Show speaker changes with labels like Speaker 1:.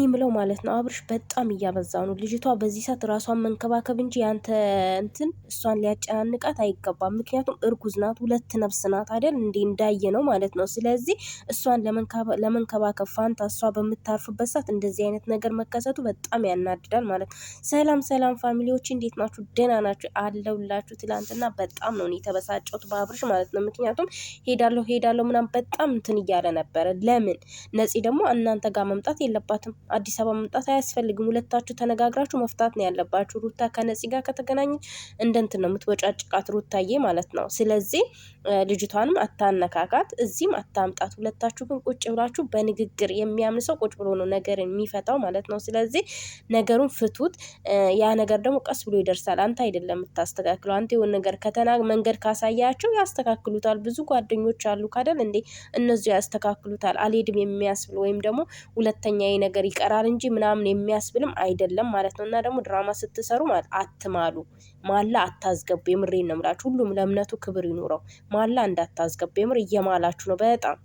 Speaker 1: እኔ ምለው ማለት ነው አብርሽ በጣም እያበዛ ነው። ልጅቷ በዚህ ሰዓት ራሷን መንከባከብ እንጂ ያንተ እንትን እሷን ሊያጨናንቃት አይገባም። ምክንያቱም እርጉዝ ናት፣ ሁለት ነፍስ ናት አይደል? እንዲ እንዳየ ነው ማለት ነው። ስለዚህ እሷን ለመንከባከብ ፋንታ እሷ በምታርፍበት ሰዓት እንደዚህ አይነት ነገር መከሰቱ በጣም ያናድዳል ማለት ነው። ሰላም ሰላም ፋሚሊዎች እንዴት ናችሁ? ደህና ናችሁ? አለውላችሁ። ትላንትና በጣም ነው እኔ የተበሳጨሁት በአብርሽ ማለት ነው። ምክንያቱም ሄዳለሁ ሄዳለሁ ምናምን በጣም እንትን እያለ ነበረ። ለምን ነፂ ደግሞ እናንተ ጋር መምጣት የለባትም አዲስ አበባ መምጣት አያስፈልግም። ሁለታችሁ ተነጋግራችሁ መፍታት ነው ያለባችሁ። ሩታ ከነፂ ጋር ከተገናኘ እንደንት ነው የምትወጫጭቃት ሩታዬ ማለት ነው። ስለዚህ ልጅቷንም አታነካካት፣ እዚህም አታምጣት። ሁለታችሁ ግን ቁጭ ብላችሁ በንግግር የሚያምን ሰው ቁጭ ብሎ ነው ነገርን የሚፈታው ማለት ነው። ስለዚህ ነገሩን ፍቱት። ያ ነገር ደግሞ ቀስ ብሎ ይደርሳል። አንተ አይደለም የምታስተካክለው። አንተ የሆነ ነገር ከተና መንገድ ካሳያቸው ያስተካክሉታል። ብዙ ጓደኞች አሉ ካደል እንዴ እነዚ ያስተካክሉታል። አልሄድም የሚያስብል ወይም ደግሞ ሁለተኛ ነገር ይቀራል እንጂ ምናምን የሚያስብልም አይደለም ማለት ነው። እና ደግሞ ድራማ ስትሰሩ ማለት አትማሉ፣ ማላ አታዝገቡ። የምሬን ነው የምላችሁ። ሁሉም ለእምነቱ ክብር ይኑረው። ማላ እንዳታዝገቡ። የምር እየማላችሁ ነው በጣም